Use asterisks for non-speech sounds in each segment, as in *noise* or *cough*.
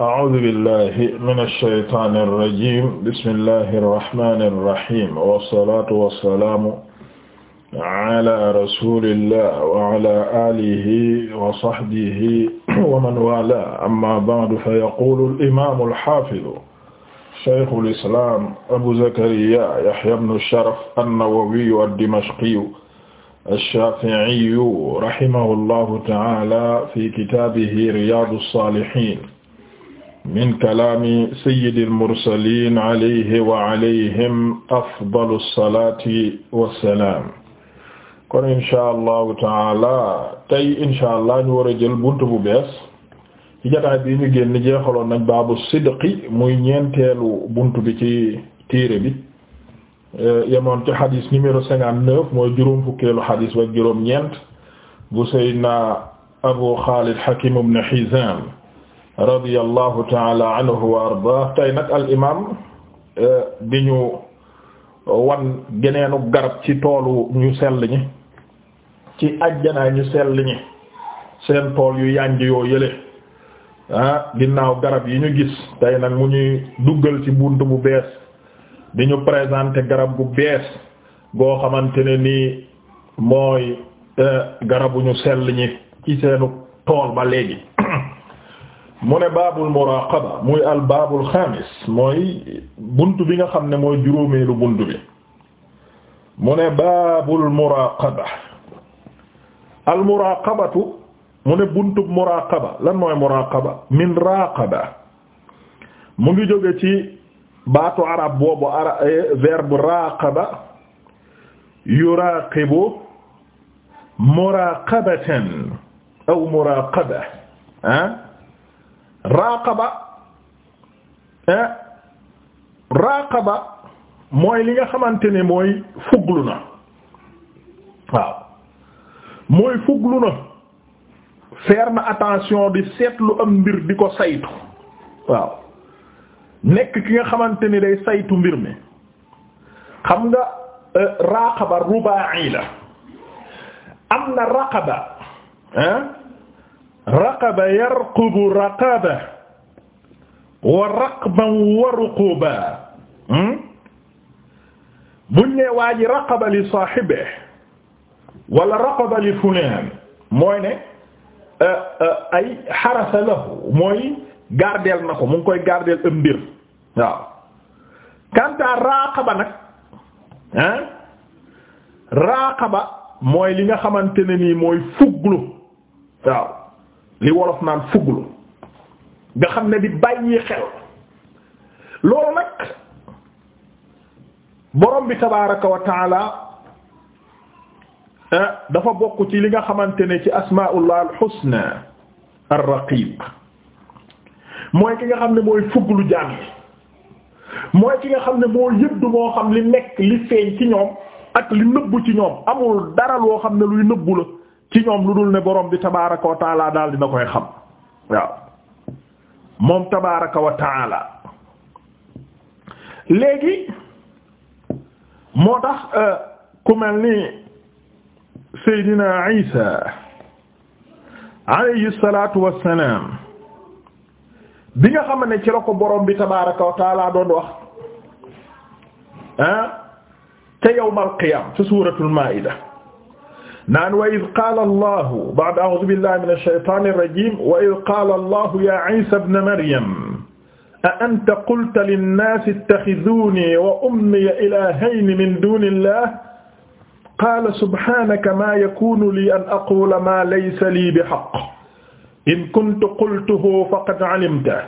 أعوذ بالله من الشيطان الرجيم بسم الله الرحمن الرحيم والصلاة والسلام على رسول الله وعلى آله وصحبه ومن والاه أما بعد فيقول الإمام الحافظ شيخ الإسلام أبو زكريا يحيى بن الشرف النووي الدمشقي الشافعي رحمه الله تعالى في كتابه رياض الصالحين min kalaami sayyidil mursaliin alayhi wa alayhim afdalu salaati wa salaam kon incha allahu taala tey incha allah ñu war a jël buntu bu bees ci jotaay bii ñu génn jeexaloon nañ baabu sidqi muy ñeenteelu buntu bi ci téere bi yemoon ci xadis numéro cinquante neuf mooy juróom fukkeelu xadis ba juróom-ñeent bu Seydina Abu Xaalid Hakim ibn Hizaam radiyallahu taala anhu wa ardah tey nag al imam eh, di ñu wan geneenu garab ci toolu ñu sell ñi ci ajjanaay ñu sell ñi seen tool yu yànj yoo yële ah ginnaaw garab yi ñu gis tey nag mu ñuy duggal ci bunt bu bees di ñu présenter garab bu bees goo xamante ne nii mooy eh, garabu ñu sell ñi ci seenu tool ba léegi mu ne baabul muraqaba muy al baabul xaamis mooy bunt bi nga xam ne mooy juróomeelu bunt bi mu ne baabul muraqaba al muraqabatu mu ne buntub muraqaba lan mooy muraqaba mu ngi joge ci baatu arab boobu ara eh, verbe raqaba aw muraqaba ah raqaba raqaba mooy li nga xamante ne mooy fuglu na waaw mooy fuglu na faire na attention di seetlu am mbir di ko saytu waaw nekk ki nga xamante ni day saytu mbir mi xam nga euh, raqaba ruba'i la am na raqaba hein raqaba yarqubu raqaba wa raqban wa ruquba hmm? buñ ne waa ji raqaba li saahibe wala raqaba li fulaan mooy ne euh, euh, ay xarasa lahu mooy gardeel na ko mu ngi koy gardeel am mbir waaw kanta raqaba nag ah raqaba mooy li nga xamante ne nii mooy fuglu waaw li wolof naan fuglu nga xam ne di bàyyi xel loolu nag borom bi tabaaraka wa eh, dafa bokk ci li nga xamante ne ci asmaullah alxusna arraqib mooy ki nga xam ne mooy fuglu jaam yi mooy ki nga xam ne moo yëddu moo xam li nekk li feeñ ci ñoom ak li nëbbu ci ñoom amul dara loo xam ne luy nëbbu la ci ñoom lu dul ne borom bi tabaaraka wa taalaa daal dina koy xam waaw moom tabaaraka wa taala léegi moo tax euh, ku mel ni Seydina Isa alayhi salaatu wassalaam bi nga xam ne ci la ko borom bi tabaaraka wa taala doon wax ah ca yawmal qiyaam ca suuratul maa'ida naan wa id qaala allahu ba'da a'uudu billahi min ash-shaytaani ir-rajiim wa id qaala allahu ya Iisa ibna Maryam a anta qulta linnaasi ittaxizuunii wa ummiya ilaahayni min duuni llaah qaala subhaanaka maa yakuunu lii an aquula maa laysa lii bihaqq in kuntu qultuhu faqad alimtahu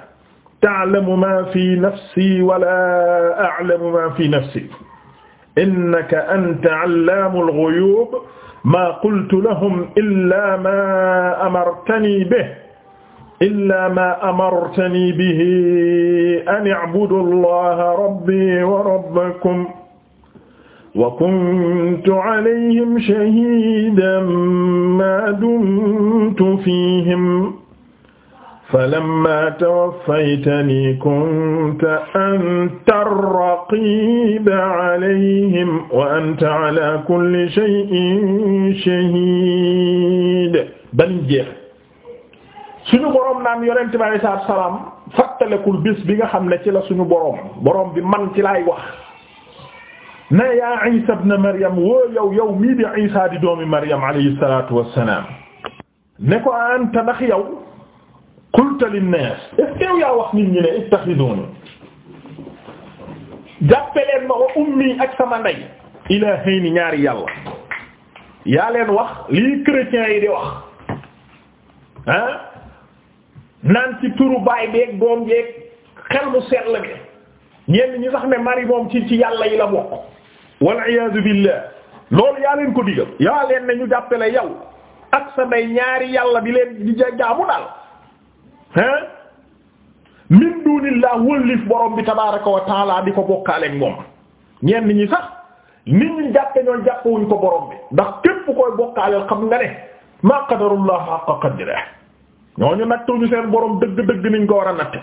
ta'lamu maa fii nafsii wa laa a'lamu maa fii nafsik innaka anta allaamul ghuyuub maa qultu lahum illaa maa amartani bihi illaa maa amartani bihi an i'budu allaha rabbii wa rabbakum wa kuntu alayhim shahiidan maa dumtu fiihim falamma tawaffaytani kunta anta ar-raqiba alayhim wa anta ala kulli shay'in shahid ban jeex suñu boroom naan yonent bi alayhi salaatu wa salaam fàttalikul bis bi nga xam ne ci la suñu boroom boroom bi man ci laay wax na yaa Isa ibn Maryam woo yow yow mii di Isa di doomi Maryam alayhi salaatu wa salaam ne ko anta ndax yow qulta linnaas est-ce que yow yaa wax nit ñi ne ittaxiduuni jàppe leen ma wa ummi ak sama ndey ilaahayni ñaari yàlla yaa leen wax lii chrétiens yi di wax ah naan ci turu baay beeg doom beeg xel mu sell bi ñenn ñi sax ne mari moom ci ci yàlla yi la bokk wal iyaazu billaah loolu yaa leen ko digal yaa leen ne ñu jàppe la yow ak sa ndey ñaari yàlla di leen di jaamu daal hein min dunillah wëllif borom bi tabaaraka wa taala di ko bokkaaleek moom ñenn ñi sax ni ñi jàppe ñoo jàppewuñ ko borom bi ndax képp koy bokkaaleel xam nga ne maa qadarullah haqqa qadrihi ñooñu nattuñu seen borom dëgg-dëgg niñ ko war a natt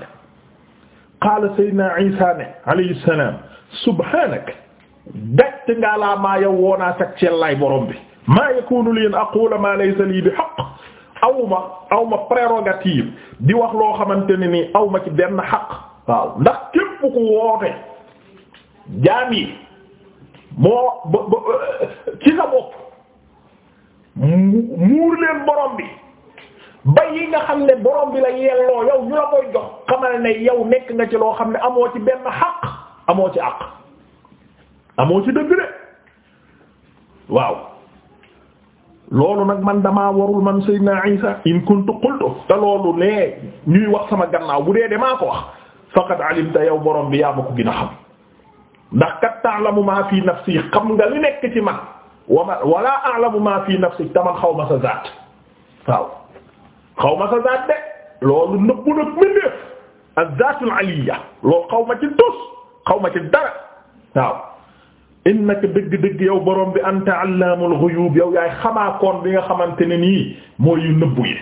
qaala sayyidina Isa ne alayhi salaam subhaanak dajt ngaa laa maa yow woonaa sag cellaay borom bi maa ma laysa lii bi haqq awma awma prérogative di wax loo xamante ne nii awma ci benn xaq waaw ndax képp ku woote jaam yi moo ba ba ci sa bopp muur leen borom bi ba yi nga xam ne borom bi la yelloo yow ñu koy jox xamal ne yow nekk nga ci loo xam ne amoo ci benn xaq amoo ci àq amoo ci dëgg de waaw loolu nag man damaa warul man sayyidina Isa in kuntu qultu te loolu lee ñuy wax sama gannaaw bu dee damaa ko wax faqad alimta yow borom bi yaa ma ko gën a xam ndax kat ta'lamu ma fi nafsi xam nga li nekk ci man wama wala a'lamu ma fi nafsi taman xaw ma sa zaat waaw xaw ma sa zaat de loolu nëbbu nag mindeef ak zaatul aliyya loolu xaw ma ci xaw ma ci dara waaw innaka dëgg-dëgg yow borom bi anta allaamul ghuyub yow yaay xamaakoon bi nga xamante ne nii mooy yu nëbbu yi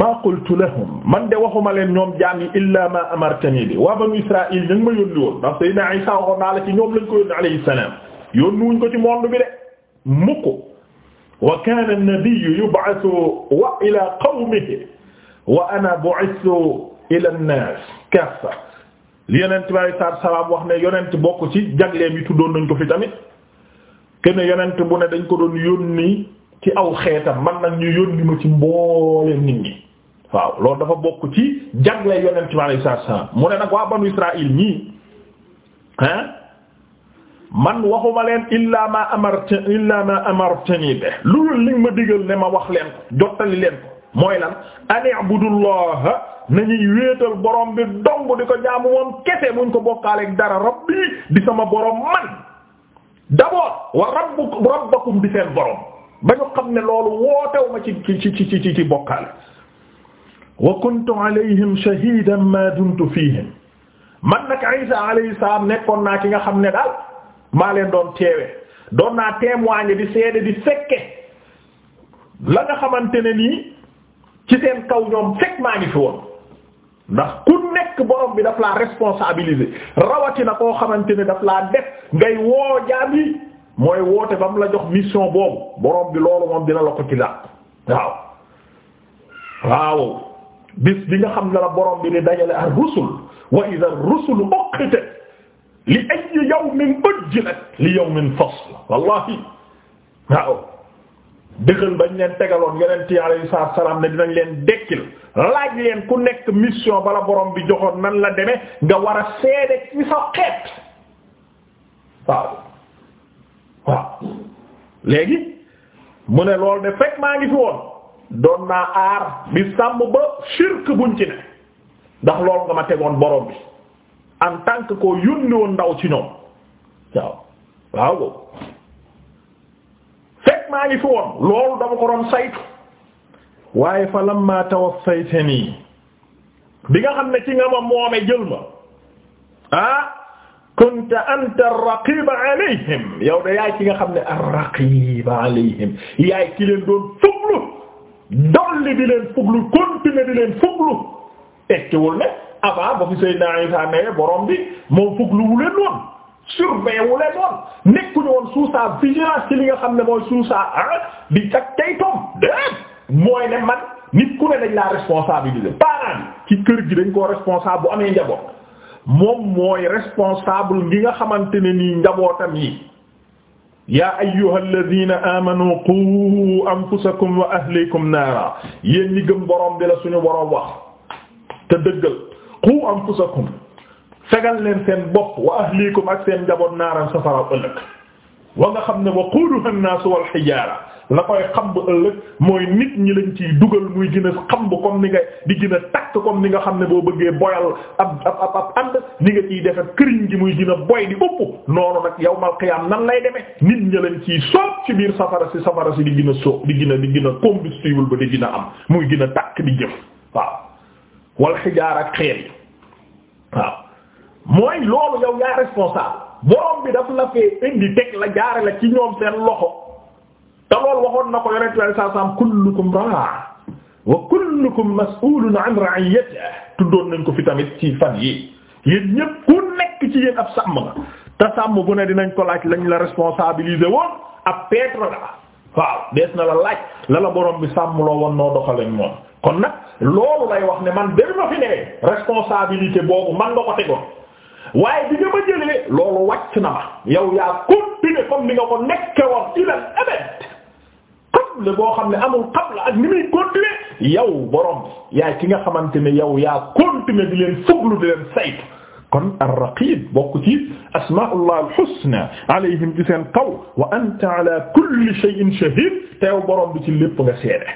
maa qultu lahum man de waxuma leen ñoom jaam yi illaa ma amartani bi waa banu israil ñu ngi ma yónni woon ndax Seydina Isa waxoon naa la ci ñoom lañ ko yónni alayhi salaam yónnuwuñ ko ci monde bi de mukk wa kaana an-nabiyyu yub'athu wa ila qawmihi wa ana bu'ithtu ila an-nas kaffa li yonent bi alayhi salaatu salaam wax ne yonent bokk ci jagleem yi tuddoon nañ ko fi tamit kenn yonent bu ne dañ ko doon yónni ci aw xeetam man nag ñu yónni ma ci mbooleem nit ñi waaw loolu dafa bokk ci jagle yonent bi alayhi salaatu salaam mu ne nag waa banu Israaïl ñii ah man waxuma leen illaa ma amarta illaa ma amartani be lu li ma digal ne ma wax leen ko jottali leen ko mooy lan ani'budullaha nañuy wéetal borom bi dong di ko jaamu moom kese muñ ko bokkaaleeg dara rabbi di sama borom man d'abord wa rabbukum rabbakum di seen borom ba ñu xam ne loolu wootew ma ci ci ci ci ci bokkaale wa kuntu alayhim shahidan ma dumtu fihim man nag Isa alayhi nekkoon naa ki nga xam ne daal maa leen doon teewe doon naa témoigner di seede di fekke la nga xamante ne nii ci seen kaw ñoom fekk maa ngi fi woon ndax nekk borom bi daf laa responsabiliser rawatina koo xamante ne daf laa def ngay woo jaam yi mooy woote ba la jox mission boobu borom bi loolu moom dina la ko ci la waaw waaw bis bi nga xam ne la borom bi di dajale ar rusul wa idha ar-rusul uqita li ayyi yawmin ujjilat li yawmin fasl wallahi waaw dëxal bañ leen tegaloon yonent yi alayhi salaam ne dinañ leen dekkil laaj leen ku nekk mission bala borom bi joxoon nan la demee nga war a seede ci sa xeet waaw waaw léegi mu ne loolu de fekk maa ngi fi woon doon naa aar bi sàmm ba shirk buñ ci ne ndax loolu nga ma tegoon borom bi en tant que koo woon ndaw ci ñoom waaw waaw maa ngi fi woon ko doon saytu waaye fa lamma tawaffaytani bi nga xam ne ci nga ma moome jël ma ah kunta anta ar-raqiba alayhim yow da yaay ci nga xam ne ar-raqiba alayhim yaay ki leen doon fuglu dolli di leen fuglu continuer di leen fuglu tekkiwul ne avant ba fi Seydina Isa ne borom bi moom fugluwu leen woon surveillé wu leen woon nekkuñu woon sous sa vigilance ci li nga xam ne mooy sous sa bi ak kay toom déet mooy ne man nit ku ne dañ laa responsabilisé parent bi ci kër gi dañ ko responsable bu amee njaboot moom mooy responsable ngi nga xamante ne nii njabootam yi yaa ayyuhal ladina amanu qu anfusakum wa ahlikum naara yéen ñi gëm borom bi la suñu borom wax te dëggal qu anfusakum segal leen seen bopp wa ahlikum ak seen njaboot naaran safara ëllëg wa nga xam ne waquuduha an-naas wal hijaara la koy xamb ëllëg mooy nit ñi lañ ciy dugal muy gën xam xamb comme ni nga di gën a takk comme ni nga xam ne boo bëggee boyal ab ab ab ab ànd ni nga ciy defe këriñ gi muy gën a boy di ëpp noonu nag yawmal qiyaam nan lay demee nit ñi lañ ciy soob ci biir safara si safara si di gën a soob di gën a di gën combustible ba di gën am muy gën a di jëf waaw wal mooy loolu yow yaa responsable borom bi daf la fee indi teg la jaare la ci ñoom seen loxo te loolu waxoon na ko yonent la saa saam kullukum raa wa kullukum mas'ulun an ra'iyatihi tuddoon nañ ko fi tamit ci fan yi yéen ñépp ku nekk ci ne dinañ ko laaj lañ la responsabiliser woon ab pétre la waaw dees na la laaj la la borom bi sàmm loo woon noo doxaleen moom kon nag loolu lay wax ne man dër ma fi newee responsabilité boobu man nga tegoon waaye bi nga ma jëlee loolu wàcc na ma yow yaa continuer comme abad qabla boo xam ne amul qabla ak ni muy yow borom yaa ki nga xamante ne yow yaa continuer di leen fuglu di leen saytu kon ar-raqib bokk ci asmaa'ullah al-husna alayhim ci seen kaw wa anta ala kulli shay'in shahid borom bi ci lépp nga seede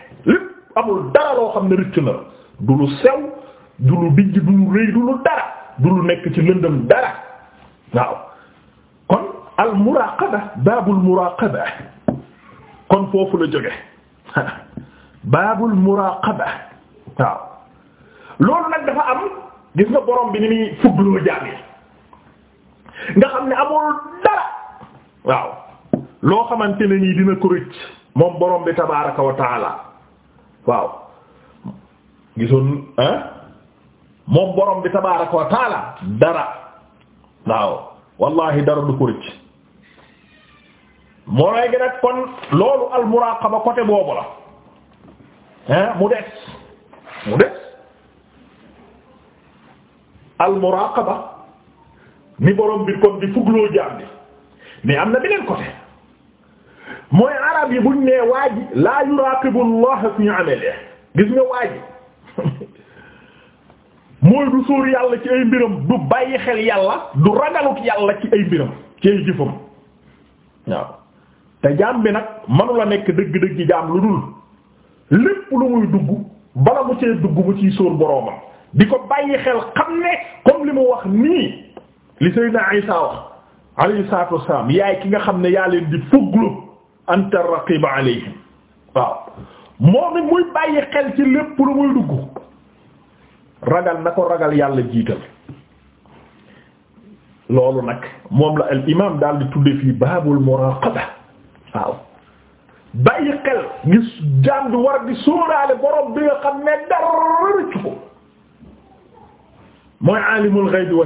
amul dara loo xam ne rëcc na du lu sew du lu dijj du lu dara du lu nekk ci lëndëm dara waaw kon al muraqaba baabul kon foofu la jóge *laughs* baabul muraqaba waaw loolu nag dafa am gis nga borom bi ni muy fugloo jaam yi nga xam ne amul dara waaw loo xamante ne nii dina ko rëcc moom borom bi tabaaraka wa taala waaw gisoon ah moom borom bi tabaaraka wa taala dara waaw wallahi dara du ko rëcc moo lay loolu al muraqaba côté boobu la hein mu des mu des al muraqaba ni borom bi kon di fugloo jaam bi mais am na beneen côté mooy arab yi buñ nee waaji la yuraqibu Allah fi amalihi gis nga waaji *laughs* mooy du sóor yàlla ci ay mbiram du bàyyi xel yàlla du ragaluk yàlla ci ay mbiram ci ay jëfam waaw te jaam bi nag manula nekk dëgg-dëgg jaam lu dul lépp lu muy dugg bala mu cee dugg mu ciy sóor boroomam di ko bàyyi xel xam ne comme li mu wax nii li Seydina Isa wax alayhi salaatu wassalaam yaay ki nga xam ne yaa leen di fuglu anta raqiba alayhim waaw moom it muy bàyyi xel ci lépp lu muy dugg ragal na ko ragal yàlla jiital loolu nag moom la al daal di tudde fii baabul muraqaba waaw bàyyi xel gis jaam war di sóoraale borom bi nga xam ne dara ko mooy aalimul ghaybi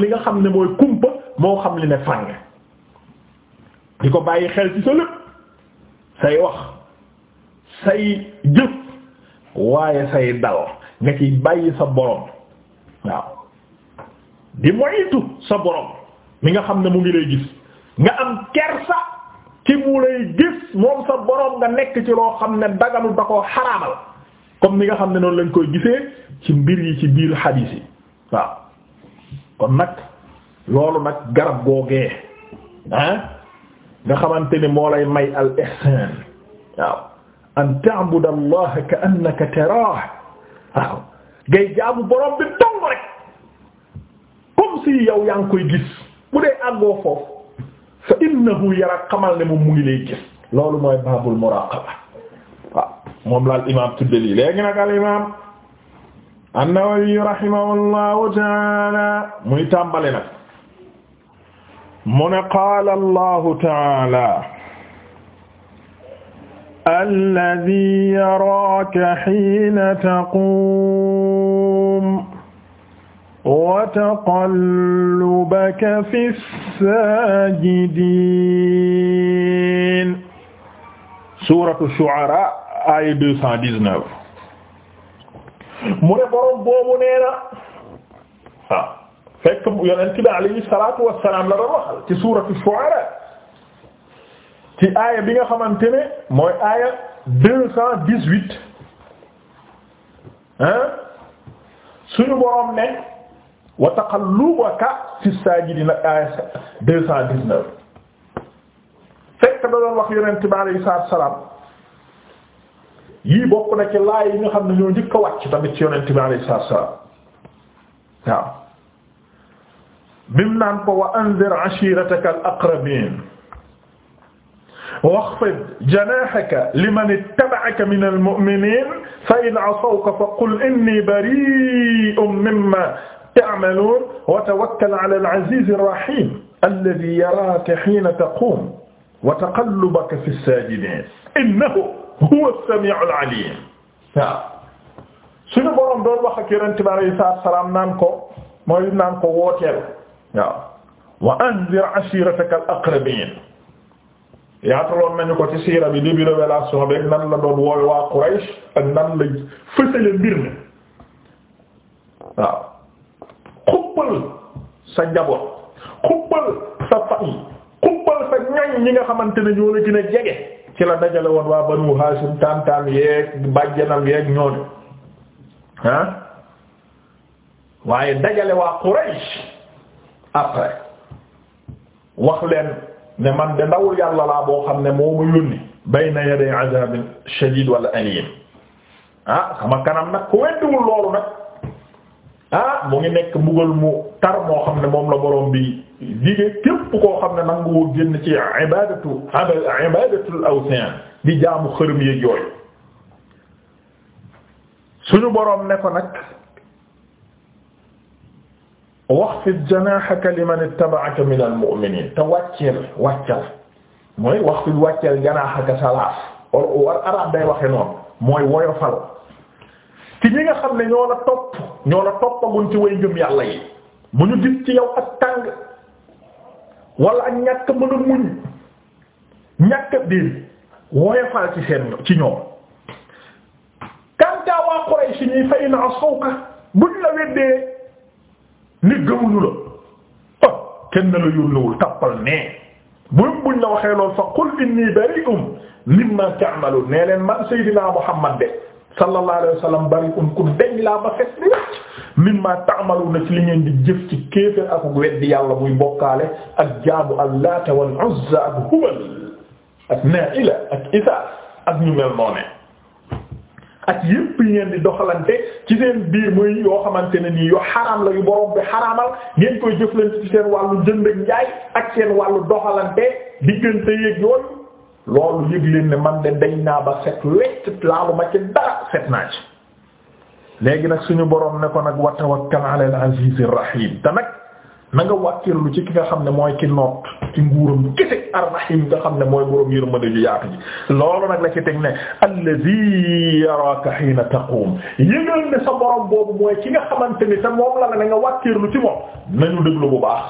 li xam ne mooy kumpa di ko bàyyi xel ci sa lépp say wax say jëf waaye say dal nga ciy bàyyi sa borom waaw di moytu sa borom mi nga xam ne mu ngi lay gis nga am kersa ci mu lay gis moom sa borom nga nekk ci loo xam ne daganu da koo xaraamal comme ni nga xam ne noonu lañ koy gisee ci mbir yi ci biir xadiis yi waaw kon nag loolu nag garab googee ah, nga xamante ni moo lay may al waaw an ta'budallaha ka annaka taraah waaw ngay jaamu borom bi dong rek comme si gis bu dee àggoo foofu fa innahu yarak ne moom mu lay gis loolu mooy baabul muraqaba waaw moom laal imaam tudde lii léegi nag al imaam an-Nawawi rahimahullahu muy tàmbali nag mu ne qaala taala allazii yaraaka hiina taquum wa taqallubaka fi saajidiin suuratu shu'araa aaya 219 mu ne borom boobu nee na ah fekk yonent bi alayhi salaatu wa salaam la doon wax ci suuratu shu'araa ci aaya bi nga xamante ne mooy aaya deux cent dix-huit hein suñu boroom ne wa taqallubaka fi saajidina aaya deux cent dix-neuf fekk da doon wax yonent bi alayhi salaam yii bokk na ci laay yi nga xam ne ñoo njëkk a wàcc tamit ci yonent bi salaam waaw bim naan ko wa anzir ashirataka al aqrabin واخفض جناحك لمن اتبعك من المؤمنين فإن عصوك فقل إني بريء مما تعملون وتوكل على العزيز الرحيم الذي يراك حين تقوم وتقلبك في الساجدين إنه هو السميع العليم waaw suñu boroom doon wax ak yonent bi alayhi salaatu wa salaam naan ko mooy naan ko wooteel waaw wa anzir ashiirataka al-aqrabiin yaataloon nañu ko ci siira bi début révélation bi nan la doon woowe waa Quraysh ak nan la fësale mbir mi waaw xubbal sa njaboot xubbal sa famille xubbal sa ñañ ñi nga xamante ne ñoo la gën jege ci la dajale woon waa Banu Hashim tantaan yeeg bàjjanam yeeg ñooñu ah waaye dajale waa Quraysh après wax leen ne man de ndawul yàlla laa boo xam ne moo ma yónni bayna yaday azabin shadid wala alim ah sama kanam nag ku weddiwul loolu nag ah mu ngi nekk mbugal mu tar moo xam ne moom la boroom bi digee képp koo xam ne nanguwul génn ci ibadatu ibadatul awsan di jaamu xërëm yéeg yooyu suñu borom ne ko nag waxfid janaahaka liman ittaba'aka minal mu'miniin te wàcceel wàccal mooy waxfid wàcceel janaahaka sa laaf wala araab day waxe noonu mooy woyofal ci ñi nga xam ne ñoo la topp ñoo la toppaguñ ci way ngëm yàlla yi bu ñu gis ci yaw ak tàng wala ak ñàkk mën muñ ñàkk diir woyofal ci seen ci ñoom kanta waa Quraysh ñi fa in asawka buñ la weddee ne gëmuñu la ah kenn la yónniwul tappal nee buñ buñ la waxee lool fa qul inni bari'um mimma ta'malun nee leen man Seydina Muhammad de sallallahu alayhi wa sallam bari'um ku deñ laa ba fes ni wàcc mimma ta'maluna ci li ngeen di jëf ci kéefër ak weddi yàlla muy bokkaale ak jaabu al-Laata wal-Uzza ak Hubal ak Naa'ila ak Isaa ak ñu mel noonee ak yépp yi ngeen di doxalante ci seen biir muy yoo xamante ne nii yoo xaraam la yu borom bi xaraamal ngeen koy jëflante ci seen wàllu jënd ak njaay ak seen wàllu doxalante diggante yeeg yooyu loolu yëg leen ne man de dañ naa ba set wecc laalu ma ci dara set naa ci léegi nag suñu borom ne ko nag wa tawakkal ala al aziz ar rahim te nag na nga wàkkirlu ci ki nga xam ne mooy ki noot ci nguuram kese arrahim nga xam ne mooy boroom yërmande ju yaatu ji loolu nag la ci teg ne allazi yaraka hina taqum yëgal ne sa borom boobu mooy ki nga xamante ni te moom la na nga wàkkirlu ci moom nañu déglu bu baax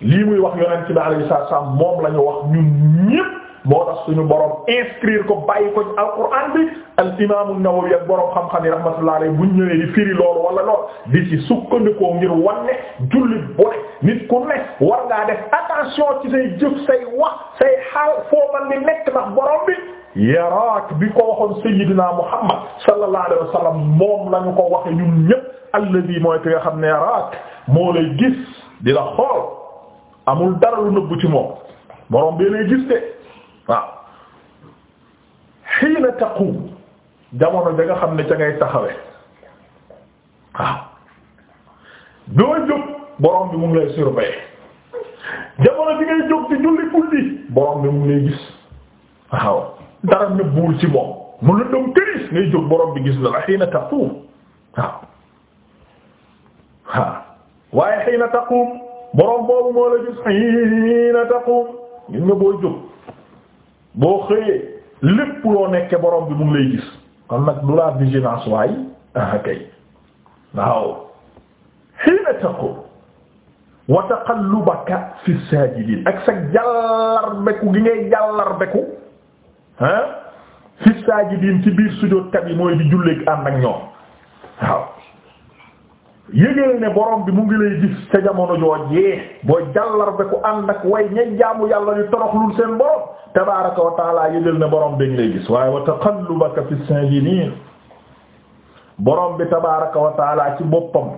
lii muy wax yonent bi alayhi salaam moom la ñu wax ñun ñépp moo tax suñu borom inscrire ko bàyyi ko ci alquran bi borom xam-xam yi rahmatullahi alayhi buñ ñëwee di firi loolu wala lool di ngir wanne jullit bu ne nit ku ne war ngaa def attention ci say jëf say wax say xaal foo man nekk ndax borom bi yaraak bi ko waxoon sayyidina Muhammad sallallahu moom la ñu ko waxe ñun ñépp alladi mooy ki nga ne yaraak moo lay gis di la xool amul dara lu nëbbu ci moom borom bi lay gis de waaw xiina taqum jamono da nga xam ne ca ngay taxawee waaw doo borom bi mu ngi lay surveiller jamono bi ngay jóg ci julli guddi borom bi mu lay gis waaw dara nëbbuwul ci moom mu la doon këris ngay borom bi gis la la xiina taqum waaw waaw waaye xiina taqum borom boobu moo la gis xiina taqum gis nga boo jóg. boo xëyee lépp loo nekke borom bi mu ngi lay gis kon nag du la vigilance waay ah kay waaw hiina taqum wa taqallubaka fi sajidin ak sa jàllarbeku gi ngay jàllarbeku ah fi sajidin ci biir sujjóotkat yi mooy di julleek ànd ak ñoom waaw yëgal ne borom bi mu ngi lay gis ca jamono joojee boo jàllar be ku ànd ak way ña jaamu yàlla ñu toroxlul seen borom tabaaraka wa taala yëgal ne borom bi ngi lay gis waaye wa taqallubaka fi saajidin borom bi tabaaraka wa ci boppam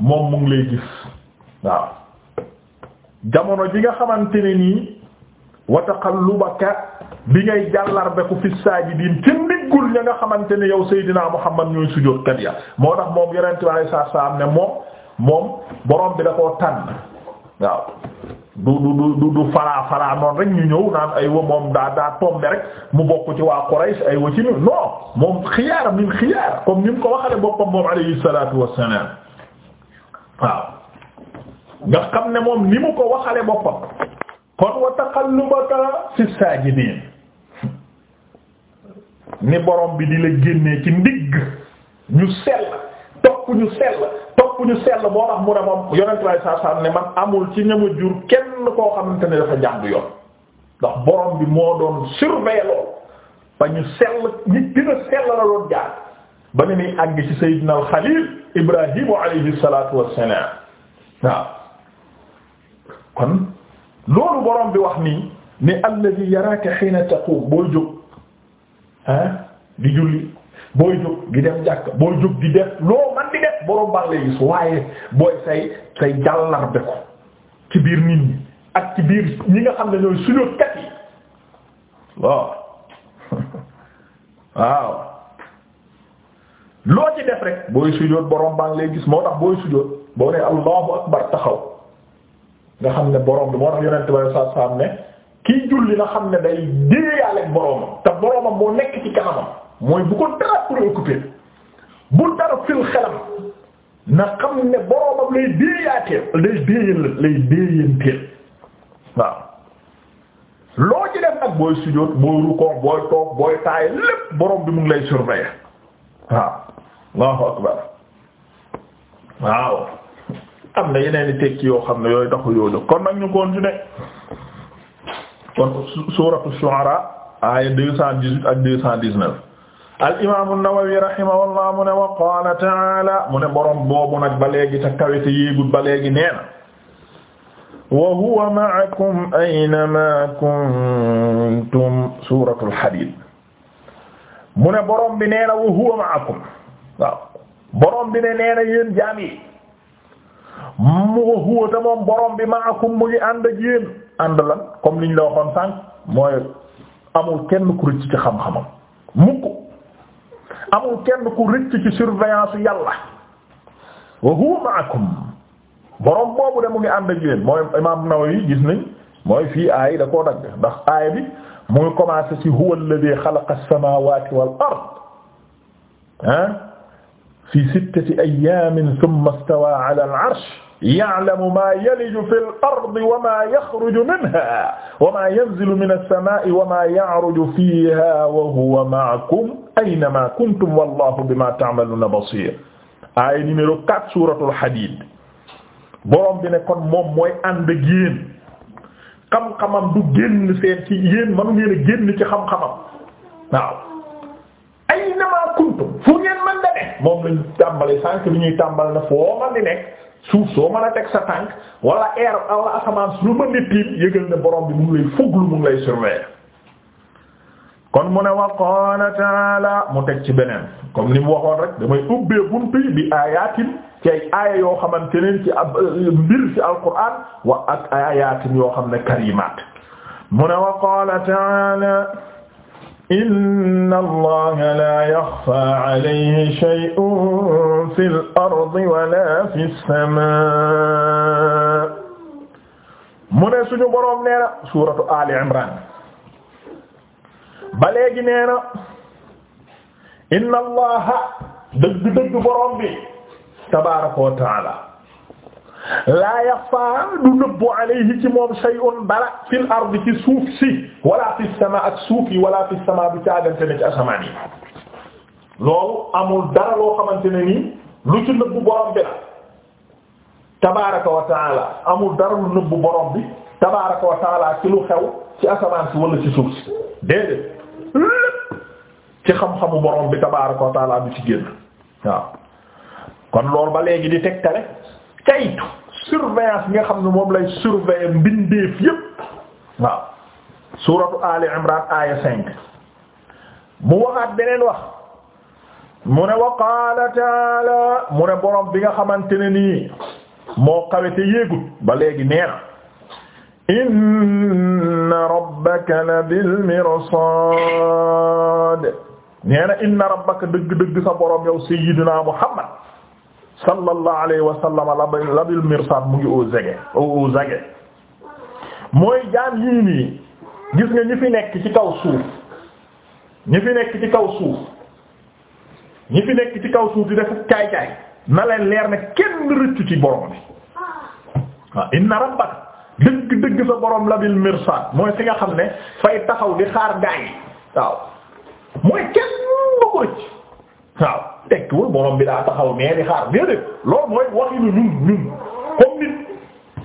moom mu ngi lay gis waaw jamono ji nga xamante ne nii wa taqallubaka bi ngay jàllarbeku fi saajidiin ci ndiggul ña nga xamante ne yow seydinaa Muhammad ñooy sujjóotkat ya moo tax moom Yonent bi sallallahu alayhi wasallam ne moom moom borom bi da koo tànn ñu ñëw naan ay wa daa tombe rek mu bokk ci waa Quraysh ay wa ci ñu moom xiyaar min xiyaar comme ni mu ko waxale boppam moom alayhi salaatu wassalaam waaw nga xam ne moom ni mu ko waxale boppam kon wa taqallubaka fi saajidin ni borom bi di la génnee ci ndigg ñu sell topp ñu sell topp ñu sell moo tax mu ne moom yonent bi saa ne man amul ci ñama jur kenn koo xamante ne dafa jàng yoon ndax borom bi moo doon surveiller lool ba ñu sell ñi gën a sell la doon jaar ba ne ni àgg ci Seydina al Xaliil Ibrahima alayhi waaw kon. loolu boroom bi wax nii ne alladi yaraaka xiina taqum booy jóg ah di julli booy jóg di def jàkk booy jóg di def loo man di def borom baa lay gis waaye booy say say jàllar be ko ci biir nit ñi ak ci biir ñi nga xam ne ñooy suñu yi waaw *laughs* waaw loo ci def rek booy sujjóot borom baa ngi lay gis moo tax booy sujjóot boo ne allahu akbar taxaw nga xam ne boroom bi moo tax yonent ba saa saa ne kiy julli na xam ne day déeyaale ak boromam te boromam moo nekk ci kanamam mooy bu ko dara préoccupé bu dara fil xelam na xam ne boromam lay déeyaateel lay déeyanteel waaw loo ci nag booy sujjóot booy rukkoo booy toog booy taay lépp borom bi mu ngi lay surveiller waaw waaw am na yeneen tekki yoo xam ne yooyu taxu yoo jóg kon nag ñu continuer kon suuratu Shu'ara aaya deux cent dix-huit ak deux cent dix-neuf al imaam an-Nawawi rahimahullah mu ne wa qaala ta'aala mu ne borom boobu nag ba léegi te kawite yéegul ba léegi nee na wa huwa ma'akum aynamaa kuntum suuratul Hadiid mu ne borom bi nee wa huwa ma'akum borom bi ne nee na mu huwa te moom borom bi maakum mu ngi ànd ak yéen ànd lan comme liñ la waxoon sànq mooy amul kenn ku rëcc ci xam-xamam mukk kenn ku rëcc ci surveillance yàlla wa maakum borom boobu de mu ngi ànd ak yéen mooy imaam Nawawi gis nañ mooy fii aay da koo dagg ndax aay bi mu ngi commencé ci huwa alladhi xalaqa as-samawati wal ard ah fi sittati ayyaamin summa stawaa ala al-arsh ya'lamu maa yaliju fil ardi wa maa yaxruju minhaa wa maa yanzilu mina samaa'i wa maa ya'ruju fiihaa wa huwa ma'akum aynamaa kuntum wallaahu bimaa ta'maluuna basiir. aaya numéro 4 suuratul Hadiid borom bi ne kon moom mooy ànd ak yéen xam-xamam du génn seen ci yéen mënu ngeen a génn ci xam-xamam waaw aynamaa kuntum moom lañ tàmbali sànq bi ñuy tàmbal na foo man di nekk suuf soo mën a teg sa tànk wala air wala asamaan su lu mën di tiim yëgal ne borom bi mu ngi lay fuglu mu ngi lay surveiller kon mu ne wa qaala taala mu teg ci beneen comme ni mu waxoon rek damay ubbee buntu yi bi ayatin ci ay yoo xamante ne ci ab mbir ci alquran wa ak ayatin yoo xam ne karimaat mu ne wa qaala inna allaha la yaxfa alayhi shay'un fil ardi wala fis samaa mu ne suñu boroom nee na suuratu Ali Imran ba léegi nee na inna allaha dëgg-dëgg boroom bi tabaaraka wa ta'aala laa yaxfaa du nëbbu alayhi ci suuf si wala fi sama ak suuf yi sama du caagante ne ci asamaan loolu amul dara loo xamante ne nii lu ci nëbbu borom tabaaraka wa amul dara lu nëbbu borom tabaaraka wa taala lu xew ci asamaan si wala ci suuf si déedéet lépp ci xam-xamu borom bi tabaaraka wa taala du ci kon loolu ba léegi di tegtale caytu surveillance bi nga xam ne moom lay surveiller mbindeef yépp waaw suratu ali imran aya cinq mu waxaat beneen wax mu ne wa qaala taala mu ne borom bi nga xamante ne nii moo xawe te yéegut ba léegi nee na inna rabbaka la bil mirsad nee na inna rabbaka dëgg-dëgg sa borom yow sayyidina muhammad sallallahu alayhi wa la bil mirsad mu ngi au zage au zage mooy jaam yii nii gis nga ñi fi nekk ci kaw suuf ñi fi nekk ci kaw suuf ñi di def caay caay na leen leer na kenn rëccu ci borom bi waaw ah, inna rabbaka dëgg dëgg sa borom labil mirsad mooy fi nga xam ne fay taxaw di xaar gaay waaw mooy kenn borom bi daa taxaw nee di xaar déedéet loolu mooy waxi ñun ñun comme nit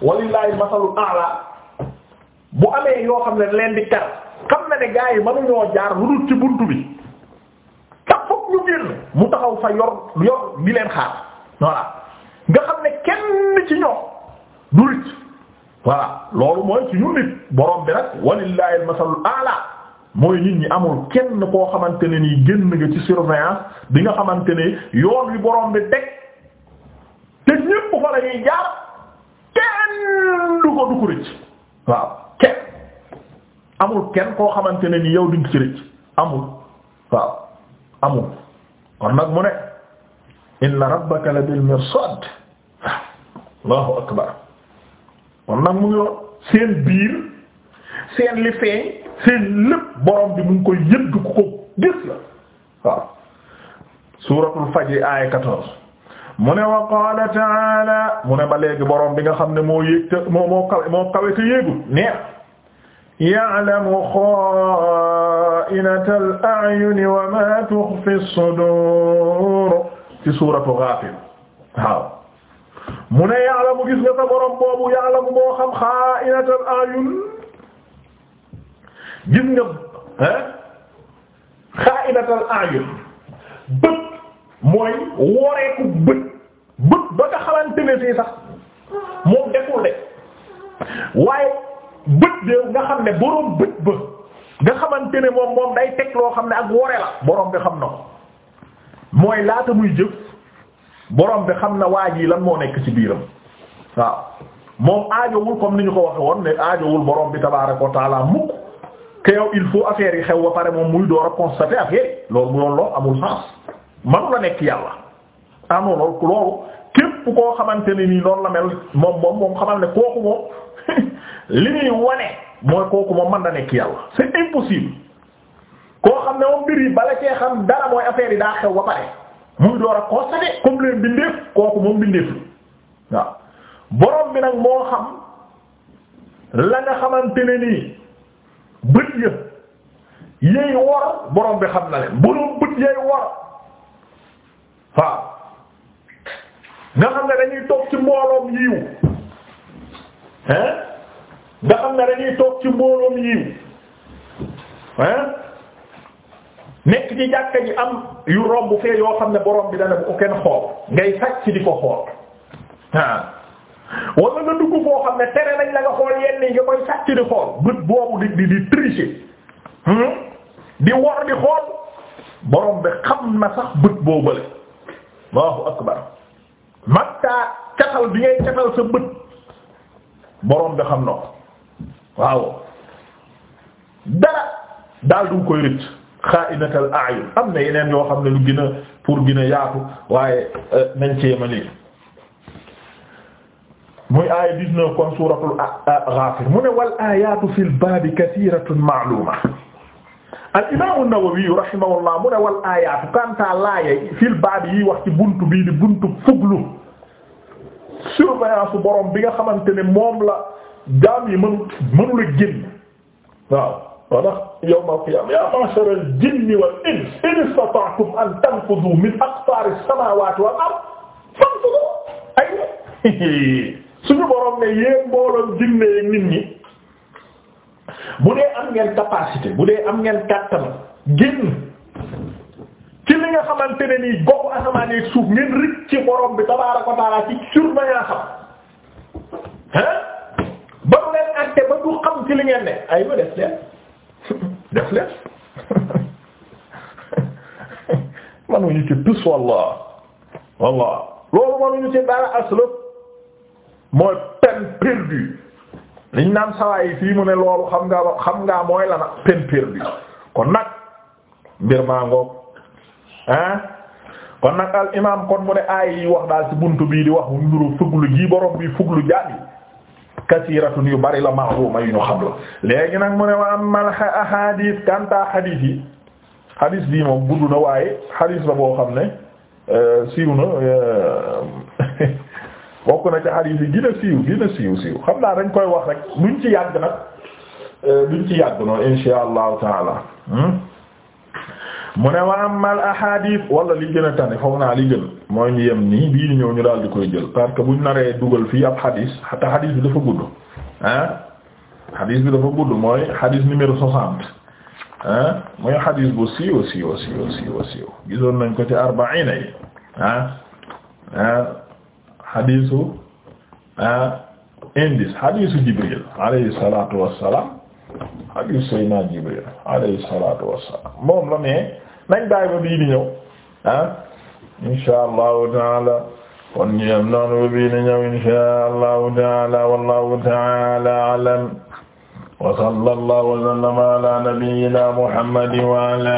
walillahi masalul a'la bu amee yoo xam ne leen di kar xam na ne gaa yi mënuñoo jaar lu dul ci buntu bi tax foog ñu génn mu taxaw fa yor yor di leen xaar voilà nga xam ne kenn ci ñoom du rëcc voilà loolu mooy ci ñun nit borom bi nag walillahi masalul a'la mooy nit ñi amul kenn koo xamante ne nii génn nga ci surveillance bi nga xamante ne yoon wi borom bi teg te ñépp fa la ñuy jaar kenn ko du rëcc waaw kenn amul kenn koo xamante ne nii yow duñ ci rëcc amul waaw amul kon nag mu ne inna rabbaka la bil mirsad allahu akbar kon nag mu ngi seen biir seen li seen lépp borom bi mu ngi koy yëg ku ko gis la waaw suuratul fajr aaya 14 mu ne wa qaala ta'aala mu ne ba léegi borom bi nga xam ne moo yéeg te moo moo kawe moo kawe te yéegul neex ya'lamu xaa'inatal a'yuni wa maa tuxfi suduur ci suuratu Gaafir waaw mu ne ya'lamu gis nga sa borom boobu ya'lamu moo xam xaa'inatal a'yun gis nga ah xaa'ibatal a'yun bët mooy wooreeku bët bët ba nga xamante ne si sax moom deful de waaye bët de nga xam ne boroom bët ba nga xamante ne moom moom day teg loo xam ne ak woore la boroom bi xam na ko mooy laata muy jëf boroom bi xam na waa ji lan moo nekk ci biiram waaw moom aajowul comme ni ñu ko waxe woon ne aajowul boroom bi tabaaraka wa mukk que yow il faut affaire yi xew ba pare moom muy door a constater affaire yi loolu mu loolu amul sens manu a nekk yàlla ah non loolu loolu képp koo xamante ne nii lool la mel moom moom moom xamal ne kooku moom *laughs* li muy wane mooy kooku moom mën na nekk yàlla c'est impossible koo xam ne moom mbir yi bala cee xam dara mooy affaire yi daa xew ba muy door a constater comme leen bindeef kooku moom bindeef waaw borom bi nag moo xam la nga xamante nii. bët ya yey wor borom bi xam na leen borom bët yey wor waaw nga xam ne dañuy toog ci mbooloom yiiw hein nga xam ne dañuy toog ci mbooloom yiiw hein nekk ci jàkka ji am yu romb fee yoo xam ne borom bi dana bu ko kenn xool ngay sàcc di ko xool ah wala na dugg boo xam ne tere nañ la nga xool yenn yi nga koy sàcc di xool bët boobu di di di tricher hmm? di wor di xool borom bi xam na sax bët boobale Allahu akbar matta catal bi ngay catal sa bët borom bi xam na ko waaw dara daal du koy rëcc xaa'inatal a'yun am na yeneen yoo xam ne lu gën a pour gën a yaatu waaye euh, nañ ci yemale muy aaya 19 kon suuratul Ghaafir mu ne wal aayaatu fil baabi kasiiratun ma'luuma al imaamu Nawawi rahimahullah mu ne wal aayaatu kanta laaya fil baabi yi wax ci buntu bii di buntu fuglu surveillance borom bi nga xamante ne moom la jaam yi mënu mënu la génn waaw. wa ndax yawmal qiyaama yaa ma'sharal jinni wal insi in istata'tum an tanfudhu min aqtaari samaawaati wal ardi fanfudhu ay *laughs* suñu borom ne yéen mbooloom jinne nit bu dee am ngeen capacité bu dee am ngeen kàttan génn ci li nga xamante ne nii goxu asamaan yi borom bi tabaaraka wa taala ci ba mu leen ba du xam ci li ngeen ne *laughs* *laughs* ci tus wallah wallah loolu manuñu ci dara aslëf mooy peine perdue liñ naan sawaay fii mu ne loolu xam nga xam ngaa mooy la nag peine perdue kon nag mbir maa ngoog kon nag al imaam kon mu ne aay yi wax daal ci bunt bii di wax mu nuru fuglu ji borom bi fuglu jaani kasiratun yu bari la ma'luma yu ñu xam la léegi nag mu ne wa amal ahadith kanta hadith yi hadith bii moom gudd na waaye hadith la boo xam ne euh, siiw na euh, *laughs* bokk na ci xadiis yi gina siiw gina siiw siiw xam naa dañ koy wax rek duñ ci yàgg nag euh, duñ ci yàgg noonu insha allahu taala hmm? mu ne wa amal ahadith wala li gën a tane foog naa li gën mooy ñu yem nii bii di ñëw ñu daal di koy jël parce que buñ naree dugal fii ab xadis te xadis bi dafa gudd ah xadis bi dafa gudd mooy xadis numéro soixante ah mooy xadis bu siiw siiw siiw siiw siiw gisoon nañ ko ci arbaina yi ah ah xadiisu ah, indis xadiisu Jibril alayhi salaatu wassalaam xadiisu Seydina Jibril alayhi salaatu wassalaam moom la mais nañ bàyyi ba bii di ñëw ah insha allahu taala kon ñu yem noonu ba bii di ñëw insha allahu taala wallahu taala alam wa sallallahu wa sallama ala nabiyyina muhammadin wa ala